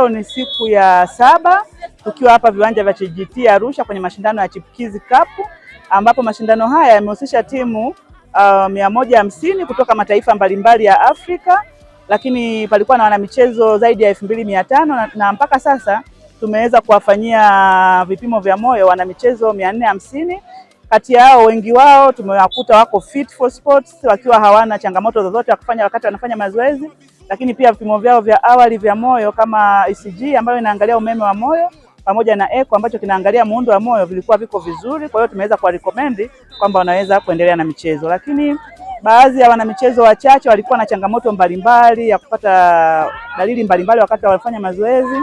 leo ni siku ya saba tukiwa hapa viwanja vya JGT Arusha kwenye mashindano ya Chipukizi Cup ambapo mashindano haya yamehusisha timu uh, mia moja hamsini kutoka mataifa mbalimbali ya Afrika, lakini palikuwa na wanamichezo zaidi ya elfu mbili mia tano na, na mpaka sasa tumeweza kuwafanyia vipimo vya moyo wanamichezo mia nne hamsini kati yao wengi wao tumewakuta wako fit for sports, wakiwa hawana changamoto zozote ya kufanya wakati wanafanya mazoezi, lakini pia vipimo vyao vya awali vya moyo kama ECG ambayo inaangalia umeme wa moyo pamoja na echo ambacho kinaangalia muundo wa moyo vilikuwa viko vizuri. Kwa hiyo tumeweza recommend kwamba wanaweza kuendelea na michezo, lakini baadhi ya wanamichezo wachache walikuwa na changamoto mbalimbali ya kupata dalili mbalimbali wakati wanafanya mazoezi,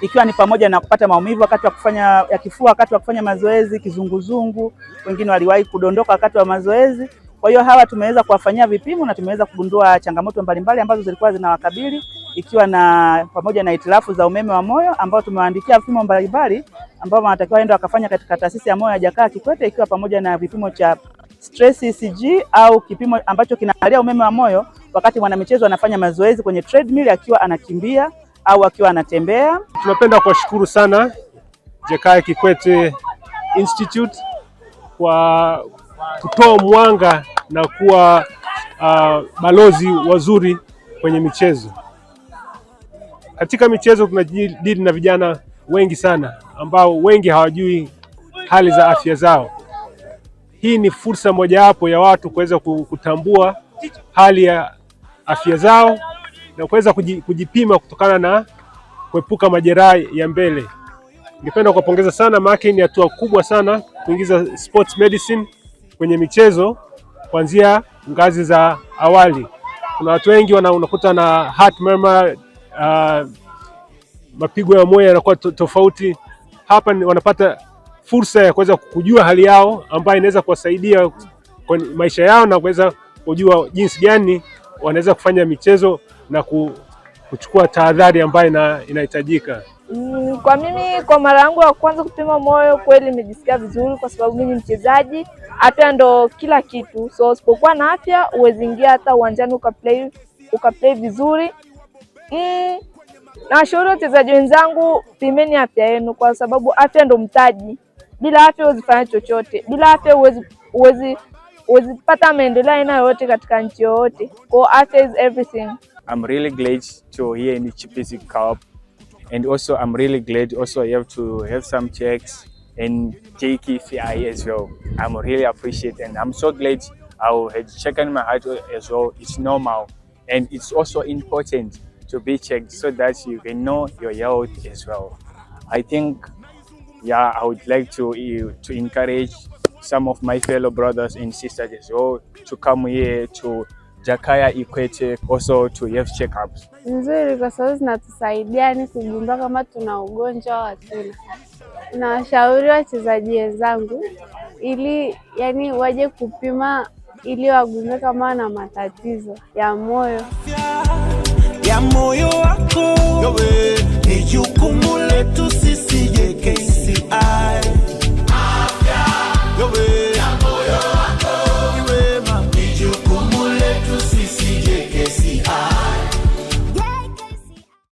ikiwa ni pamoja na kupata maumivu wakati wa kufanya ya kifua wakati wa kufanya mazoezi, kizunguzungu, wengine waliwahi kudondoka wakati wa mazoezi. Kwa hiyo hawa tumeweza kuwafanyia vipimo na tumeweza kugundua changamoto mbalimbali ambazo zilikuwa zinawakabili ikiwa na pamoja na itilafu za umeme wa moyo ambao tumewaandikia vipimo mbalimbali ambao wanatakiwa aende wakafanya katika taasisi ya moyo ya Jakaya Kikwete ikiwa pamoja na vipimo cha stress ECG au kipimo ambacho kinaangalia umeme wa moyo wakati mwanamichezo anafanya mazoezi kwenye treadmill akiwa anakimbia au akiwa anatembea. Tunapenda kuwashukuru sana Jakaya Kikwete Institute kwa kutoa mwanga na kuwa uh, balozi wazuri kwenye michezo. Katika michezo tunajadili na vijana wengi sana ambao wengi hawajui hali za afya zao. Hii ni fursa mojawapo ya watu kuweza kutambua hali ya afya zao na kuweza kujipima kutokana na kuepuka majeraha ya mbele. Ningependa kuwapongeza sana maana ni hatua kubwa sana kuingiza sports medicine kwenye michezo kuanzia ngazi za awali. Kuna watu wengi wanakuta na heart murmur, uh, mapigo ya moyo yanakuwa to tofauti. Hapa wanapata fursa ya kuweza kujua hali yao ambayo inaweza kuwasaidia kwenye maisha yao na kuweza kujua jinsi gani wanaweza kufanya michezo na kuchukua tahadhari ambayo inahitajika. Mm, kwa mimi, kwa mara yangu ya kwanza kupima moyo, kweli nimejisikia vizuri, kwa sababu mimi ni mchezaji afya ndo kila kitu, so usipokuwa na afya uwezi ingia hata uwanjani ukaplay ukaplay vizuri mm. Nawashauri wachezaji wenzangu, pimeni afya yenu, kwa sababu afya ndo mtaji. Bila afya huwezi fanya chochote, bila afya huwezi huwezi huwezi pata maendeleo aina yoyote katika nchi yoyote. Kwa afya is everything. I'm really glad to hear in the GPC Cup and also I'm really glad also I have to have some checks and JKCI as well. I'm really appreciate and I'm so glad I had checked my heart as well. It's normal and it's also important to be checked so that you can know your health as well. I think, yeah, I would like to to encourage some of my fellow brothers and sisters as well to come here to Jakaya Ikwete also to have checkups. na washauri wachezaji wenzangu ili yani waje kupima ili wagundue kama wana matatizo ya moyo ya moyo wako